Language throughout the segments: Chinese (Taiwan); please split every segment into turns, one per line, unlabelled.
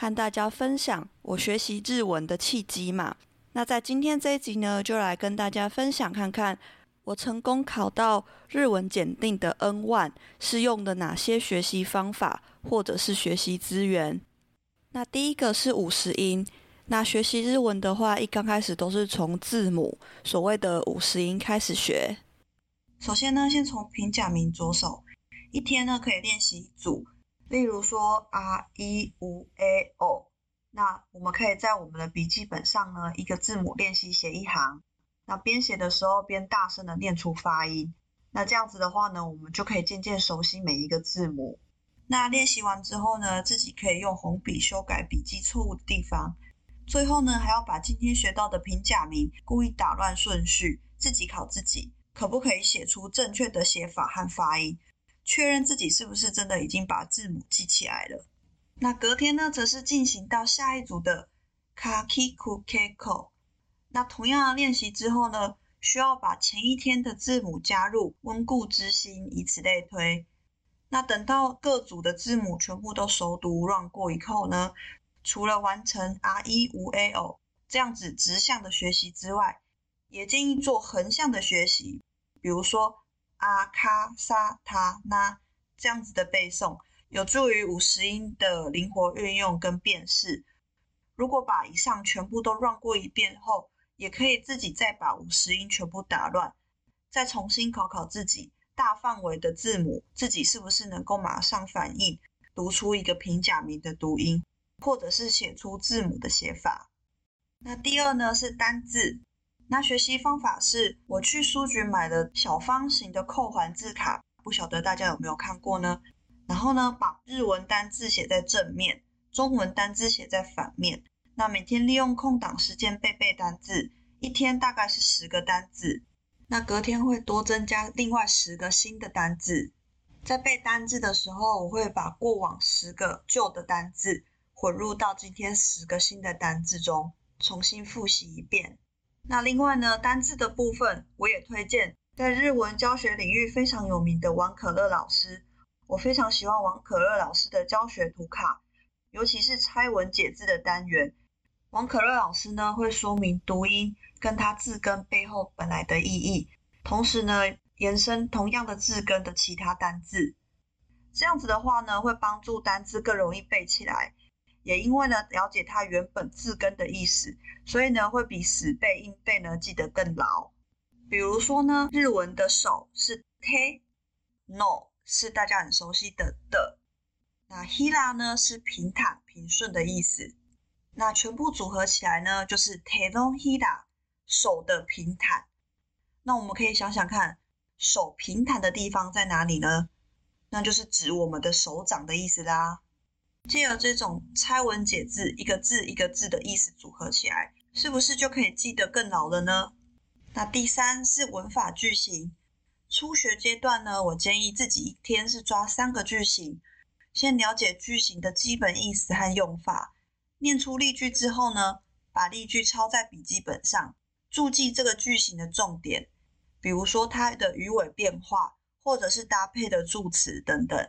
和大家分享我學習日文的契機嘛。那在今天這一集呢，就來跟大家分享看看我成功考到日文檢定的 N1 是用的哪些學習方法或者是學習資源。那第一個是五十音。那學習日文的話，一剛開始都是從字母所謂的五十音開始學。首先呢，先從平假名着手，一天呢可以練習一組。例如說 R E U A O，那我們可以在我們的筆記本上呢，一個字母練習寫一行。那邊寫的時候邊大聲的念出發音。那這樣子的話呢，我們就可以漸漸熟悉每一個字母。那練習完之後呢，自己可以用紅筆修改筆記錯誤的地方。最後呢，還要把今天學到的平假名故意打亂順序，自己考自己，可不可以寫出正確的寫法和發音？確認自己是不是真的已經把字母記起來了。那隔天呢，則是進行到下一組的 kaki kukeko。那同樣的練習之後呢，需要把前一天的字母加入溫故知新，以此類推。那等到各組的字母全部都熟讀亂過以後呢，除了完成 a i u e o 這樣子直向的學習之外，也建議做橫向的學習，比如說。阿卡莎塔那這樣子的背誦，有助於五十音的靈活運用跟辨識。如果把以上全部都 run 過一遍後，也可以自己再把五十音全部打亂，再重新考考自己。大範圍的字母，自己是不是能夠馬上反應讀出一個平假名的讀音，或者是寫出字母的寫法？那第二呢，是單字。那學習方法是我去書局買了小方形的扣環字卡，不曉得大家有沒有看過呢？然後呢，把日文單字寫在正面，中文單字寫在反面。那每天利用空檔時間背背單字，一天大概是十個單字。那隔天會多增加另外十個新的單字。在背單字的時候，我會把過往十個舊的單字混入到今天十個新的單字中，重新複習一遍。那另外呢，單字的部分，我也推薦在日文教學領域非常有名的王可樂老師。我非常喜歡王可樂老師的教學圖卡，尤其是拆文解字的單元。王可樂老師呢，會說明讀音跟它字根背後本來的意義，同時呢，延伸同樣的字根的其他單字。這樣子的話呢，會幫助單字更容易背起來。也因為呢，了解它原本字根的意思，所以呢，會比死背硬背呢記得更牢。比如說呢，日文的手是 te no，是大家很熟悉的的。那 hira 呢是平坦平順的意思。那全部組合起來呢，就是 te no hira 手的平坦。那我們可以想想看，手平坦的地方在哪裡呢？那就是指我們的手掌的意思啦。借由這種拆文解字，一個字一個字的意思組合起來，是不是就可以記得更牢了呢？那第三是文法句型。初學階段呢，我建議自己一天是抓三個句型，先了解句型的基本意思和用法，念出例句之後呢，把例句抄在筆記本上，注記這個句型的重點，比如說它的語尾變化，或者是搭配的助詞等等。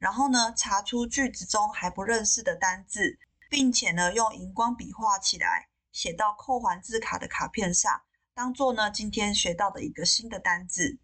然後呢，查出句子中還不認識的單字，並且呢，用熒光筆畫起來，寫到扣環字卡的卡片上，當做呢今天學到的一個新的單字。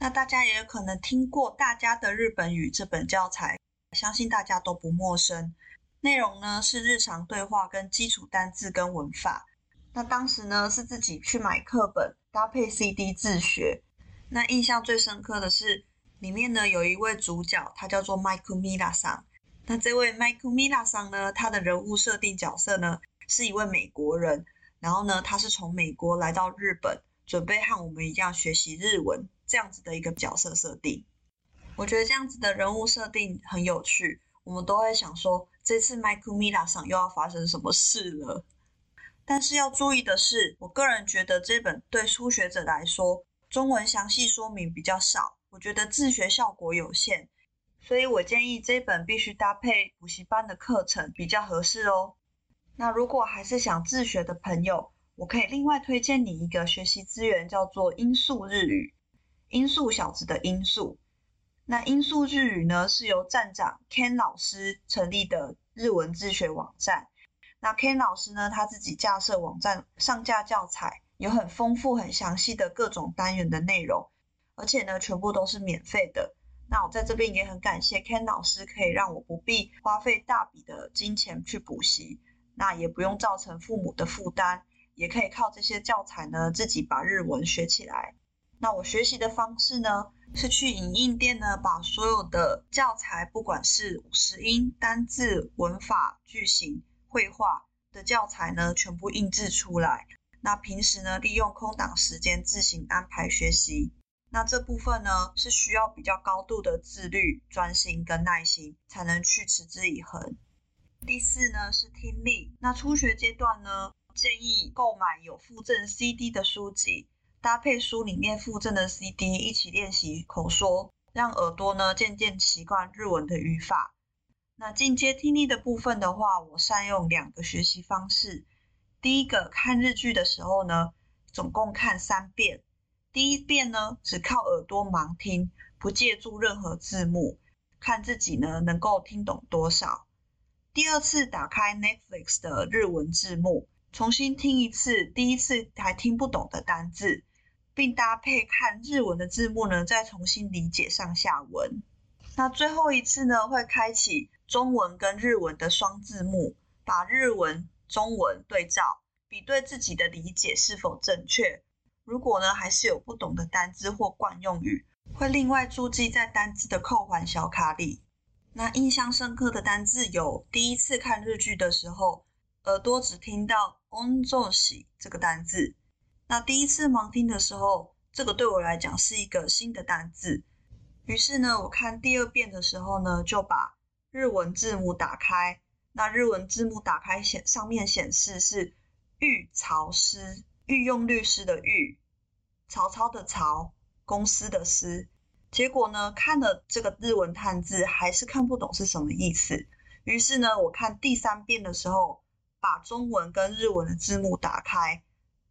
那大家也有可能聽過《大家的日本語》這本教材，相信大家都不陌生。內容呢是日常對話、跟基礎單字跟文法。那當時呢是自己去買課本，搭配 CD 自學。那印象最深刻的是，裡面呢有一位主角，他叫做麥克米拉桑。那這位麥克米拉桑呢，他的人物設定角色呢是一位美國人，然後呢他是從美國來到日本，準備和我們一樣學習日文這樣子的一個角色設定。我覺得這樣子的人物設定很有趣，我們都會想說，這次麥克米拉桑又要發生什麼事了。但是要注意的是，我個人覺得這本對初學者來說，中文詳細說明比較少。我覺得自學效果有限，所以我建議這本必須搭配補習班的課程比較合適哦。那如果還是想自學的朋友，我可以另外推薦你一個學習資源，叫做“音速日語”。音速小子的音速。那音速日語呢，是由站長 Ken 老師成立的日文自學網站。那 Ken 老師呢，他自己架設網站，上架教材，有很豐富、很詳細的各種單元的內容。而且呢，全部都是免費的。那我在這邊也很感謝 Ken 老師，可以讓我不必花費大筆的金錢去補習，那也不用造成父母的負擔，也可以靠這些教材呢自己把日文學起來。那我學習的方式呢，是去影印店呢把所有的教材，不管是五十音、單字、文法、句型、會話的教材呢全部印製出來。那平時呢利用空檔時間自行安排學習。那這部分呢，是需要比較高度的自律、專心跟耐心，才能去持之以恆。第四呢是聽力。那初學階段呢，建議購買有附贈 CD 的書籍，搭配書裡面附贈的 CD 一起練習口說，讓耳朵呢漸漸習慣日文的語法。那進階聽力的部分的話，我善用兩個學習方式。第一個看日劇的時候呢，總共看三遍。第一遍呢，只靠耳朵盲聽，不借助任何字幕，看自己呢能夠聽懂多少。第二次打開 Netflix 的日文字幕，重新聽一次第一次還聽不懂的單字，並搭配看日文的字幕呢，再重新理解上下文。那最後一次呢，會開啟中文跟日文的雙字幕，把日文、中文對照，比對自己的理解是否正確。如果呢，還是有不懂的單字或慣用語，會另外注記在單字的扣環小卡裡。那印象深刻的單字有，第一次看日劇的時候，耳朵只聽到“工作喜”這個單字。那第一次盲聽的時候，這個對我來講是一個新的單字。於是呢，我看第二遍的時候呢，就把日文字幕打開。那日文字幕打開顯上面顯示是“玉潮濕”。御用律師的御，曹操的曹，公司的司，結果呢，看了這個日文漢字還是看不懂是什麼意思。於是呢，我看第三遍的時候，把中文跟日文的字幕打開，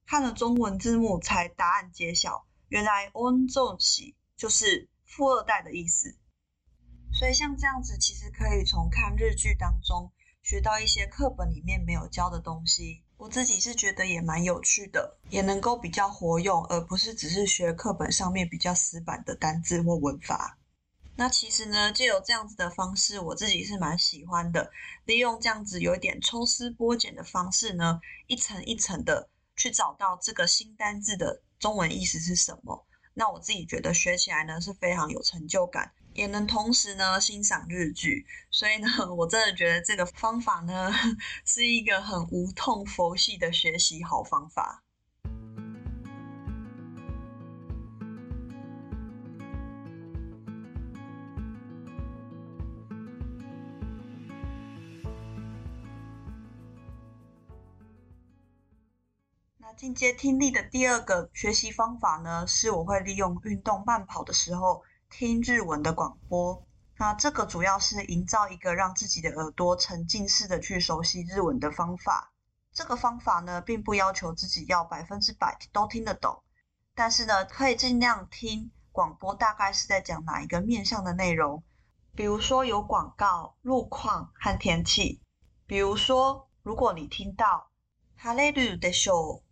看了中文字幕才答案揭曉。原來御曹司就是富二代的意思。所以像這樣子，其實可以從看日劇當中學到一些課本裡面沒有教的東西。我自己是覺得也蠻有趣的，也能夠比較活用，而不是只是學課本上面比較死板的單字或文法。那其實呢，藉由這樣子的方式，我自己是蠻喜歡的。利用這樣子有點抽絲剝繭的方式呢，一層一層的去找到這個新單字的中文意思是什麼。那我自己覺得學起來呢，是非常有成就感。也能同時呢欣賞日劇，所以呢，我真的覺得這個方法呢是一個很無痛佛系的學習好方法。那進階聽力的第二個學習方法呢，是我會利用運動慢跑的時候。聽日文的廣播，那這個主要是營造一個讓自己的耳朵沉浸式的去熟悉日文的方法。這個方法呢，並不要求自己要百分之百都聽得懂，但是呢，可以盡量聽廣播，大概是在講哪一個面向的內容。比如說有廣告、路況和天氣。比如說，如果你聽到哈雷魯的時候，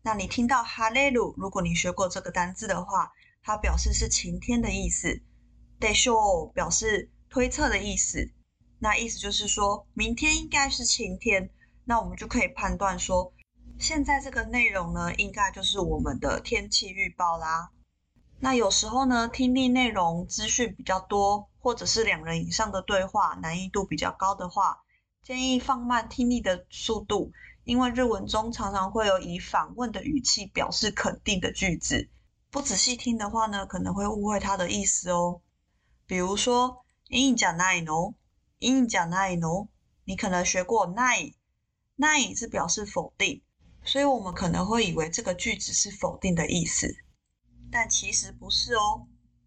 那你聽到哈雷魯，如果你學過這個單字的話。它表示是晴天的意思，でしょう表示推測的意思，那意思就是說明天應該是晴天。那我們就可以判斷說，現在這個內容呢，應該就是我們的天氣預報啦。那有時候呢，聽力內容資訊比較多，或者是兩人以上的對話，難易度比較高的話，建議放慢聽力的速度，因為日文中常常會有以反問的語氣表示肯定的句子。不仔細聽的話呢，可能會誤會它的意思哦。比如說，いいんじゃない，いいんじゃない，你可能學過“ない”，“ない”是表示否定，所以我們可能會以為這個句子是否定的意思，但其實不是哦。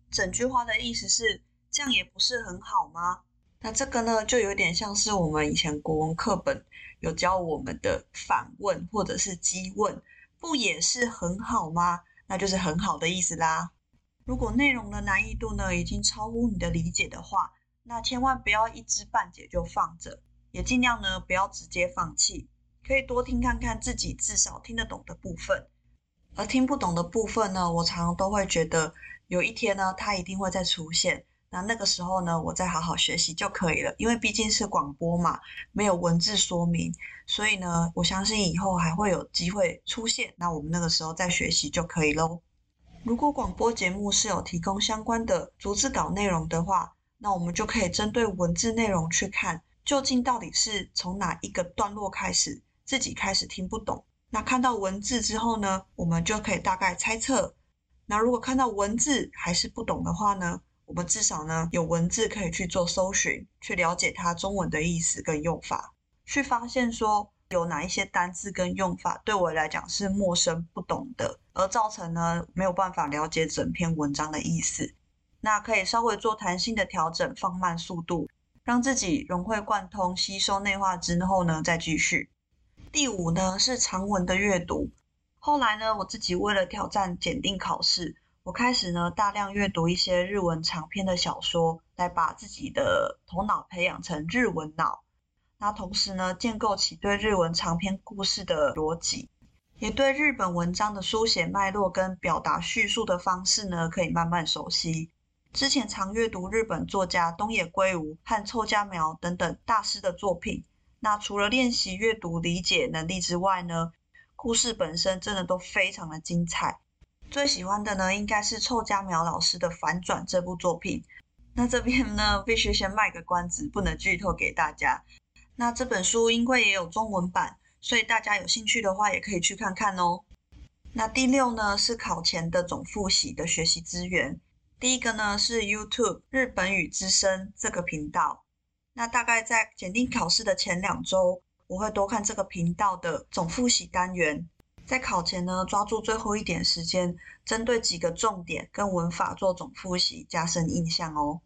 整句話的意思是“這樣也不是很好嗎？”那這個呢，就有點像是我們以前國文課本有教我們的反問或者是激問，不也是很好嗎？那就是很好的意思啦。如果內容的難易度呢，已經超乎你的理解的話，那千萬不要一知半解就放着，也盡量呢不要直接放棄，可以多聽看看自己至少聽得懂的部分，而聽不懂的部分呢，我常常都會覺得有一天呢，它一定會再出現。那那個時候呢，我再好好學習就可以了，因為畢竟是廣播嘛，沒有文字說明，所以呢，我相信以後還會有機會出現。那我們那個時候再學習就可以嘍。如果廣播節目是有提供相關的逐字稿內容的話，那我們就可以針對文字內容去看，究竟到底是從哪一個段落開始自己開始聽不懂。那看到文字之後呢，我們就可以大概猜測。那如果看到文字還是不懂的話呢？我們至少呢有文字可以去做搜尋，去了解它中文的意思跟用法，去發現說有哪一些單字跟用法對我來講是陌生不懂的，而造成呢沒有辦法了解整篇文章的意思。那可以稍微做彈性的調整，放慢速度，讓自己融會貫通、吸收內化之後呢再繼續。第五呢是長文的閱讀。後來呢我自己為了挑戰檢定考試。我開始呢，大量閱讀一些日文長篇的小說，來把自己的頭腦培養成日文腦。那同時呢，建構起對日文長篇故事的邏輯，也對日本文章的書寫脈絡跟表達敘述的方式呢，可以慢慢熟悉。之前常閱讀日本作家東野圭吾和湊佳苗等等大師的作品。那除了練習閱讀理解能力之外呢，故事本身真的都非常的精彩。最喜歡的呢，應該是湊佳苗老師的《反轉》這部作品。那這邊呢，必須先賣個關子，不能劇透給大家。那這本書因為也有中文版，所以大家有興趣的話，也可以去看看哦。那第六呢，是考前的總復習的學習資源。第一個呢，是 YouTube 日本語之聲這個頻道。那大概在檢定考試的前兩週，我會多看這個頻道的總復習單元。在考前呢，抓住最後一點時間，針對幾個重點跟文法做總複習，加深印象哦。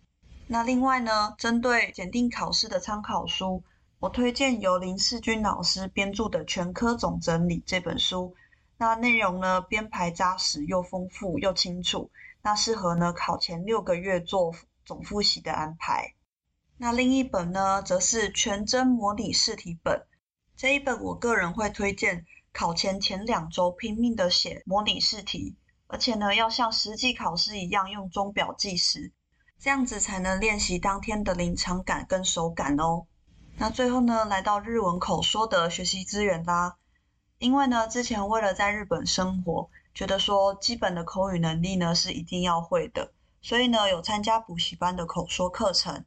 那另外呢，針對檢定考試的參考書，我推薦由林士鈞老師編著的《全科總整理》這本書。那內容呢編排扎實又豐富又清楚，那適合呢考前六個月做總複習的安排。那另一本呢，則是《全真模擬試題本》這一本，我個人會推薦。考前前兩周拼命地寫模擬試題，而且呢要像實際考試一樣用鐘錶計時，這樣子才能練習當天的臨場感跟手感哦。那最後呢，來到日文口說的學習資源啦。因為呢，之前為了在日本生活，覺得說基本的口語能力呢是一定要會的，所以呢有參加補習班的口說課程。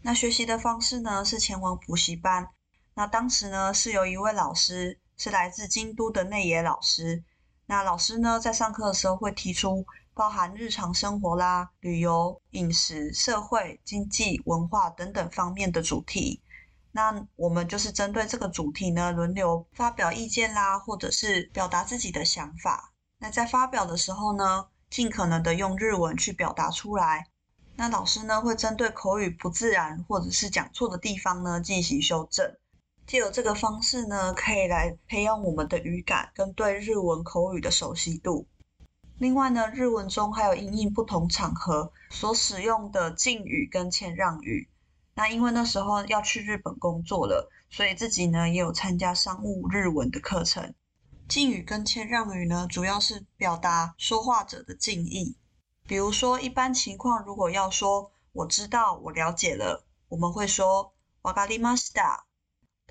那學習的方式呢是前往補習班，那當時呢是由一位老師，是來自京都的內野老師。那老師呢，在上課的時候會提出包含日常生活啦、旅遊、飲食、社會、經濟、文化等等方面的主題。那我們就是針對這個主題呢，輪流發表意見啦，或者是表達自己的想法。那在發表的時候呢，盡可能的用日文去表達出來。那老師呢，會針對口語不自然或者是講錯的地方呢，進行修正。借由這個方式呢，可以來培養我們的語感跟對日文口語的熟悉度。另外呢，日文中還有因應不同場合所使用的敬語跟謙讓語。那因為那時候要去日本工作了，所以自己呢也有參加商務日文的課程。敬語跟謙讓語呢，主要是表達說話者的敬意。比如說，一般情況如果要說我知道、我了解了，我們會說“わかりま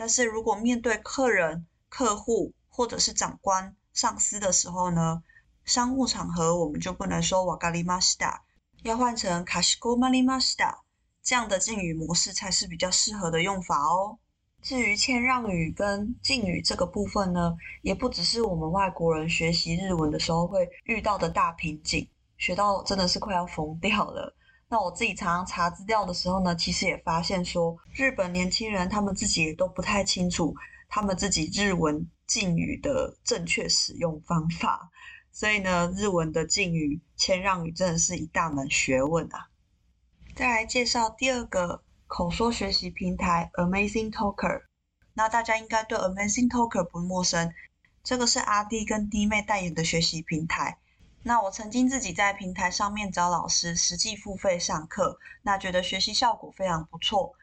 但是如果面對客人、客戶或者是長官、上司的時候呢，商務場合我們就不能說わかりました，要換成かしこまりました。這樣的敬語模式才是比較適合的用法哦。至於謙讓語跟敬語這個部分呢，也不只是我們外國人學習日文的時候會遇到的大瓶頸，學到真的是快要瘋掉了。那我自己常常查資料的時候呢，其實也發現說，日本年輕人他們自己也都不太清楚他們自己日文敬語的正確使用方法，所以呢，日文的敬語謙讓語真的是一大門學問啊。再來介紹第二個口說學習平台 Amazing Talker，那大家應該對 Amazing Talker 不陌生，這個是阿滴跟滴妹代言的學習平台。那我曾經自己在平台上面找老師，實際付費上課，那覺得學習效果非常不錯。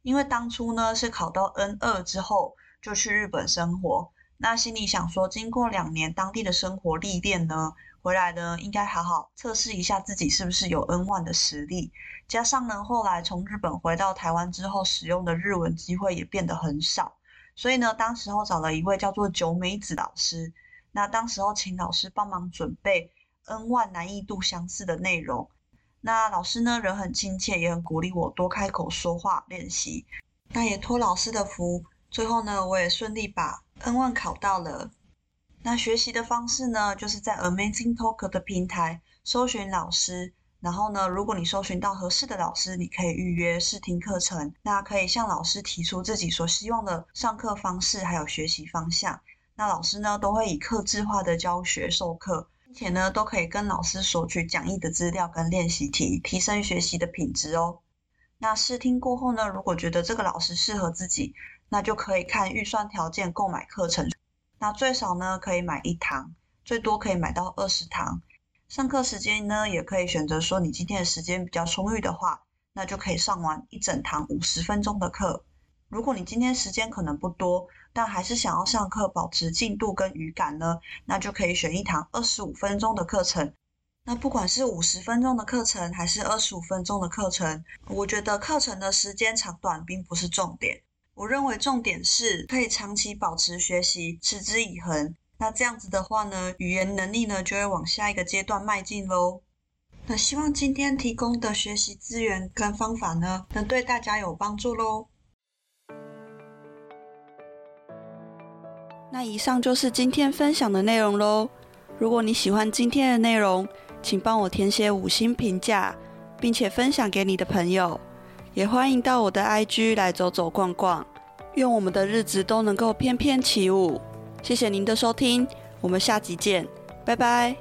因為當初呢是考到 N2 之後就去日本生活，那心裡想說，經過兩年當地的生活歷練呢，回來呢應該好好測試一下自己是不是有 N 1的實力。加上呢後來從日本回到台灣之後使用，的日文機會也變得很少，所以呢當時候找了一位叫做久美子老師。那當時候請老師幫忙準備 N 1難易度相似的內容。那老師呢，人很親切，也很鼓勵我多開口說話練習。那也托老師的福，最後呢我也順利把 N 1考到了。那學習的方式呢，就是在 AmazingTalker 的平台搜尋老師，然後呢，如果你搜尋到合適的老師，你可以預約試聽課程，那可以向老師提出自己所希望的上課方式還有學習方向。那老師呢，都會以客製化的教學授課，並且呢，都可以跟老師索取講義的資料跟練習題，提升學習的品質哦。那試聽過後呢，如果覺得這個老師適合自己，那就可以看預算條件購買課程。那最少呢，可以買一堂，最多可以買到二十堂。上課時間呢，也可以選擇說，你今天的時間比較充裕的話，那就可以上完一整堂五十分鐘的課。如果你今天時間可能不多，但還是想要上課保持進度跟語感呢，那就可以選一堂二十五分鐘的課程。那不管是五十分鐘的課程還是二十五分鐘的課程，我覺得課程的時間長短並不是重點。我認為重點是可以長期保持學習，持之以恆。那這樣子的話呢，語言能力呢就會往下一個階段邁進嘍。那希望今天提供的學習資源跟方法呢，能對大家有幫助嘍。那以上就是今天分享的內容嘍。如果你喜歡今天的內容，請幫我填寫五星評價，並且分享給你的朋友。也歡迎到我的 IG 來走走逛逛，願我們的日子都能夠翩翩起舞。謝謝您的收聽，我們下集見，拜拜。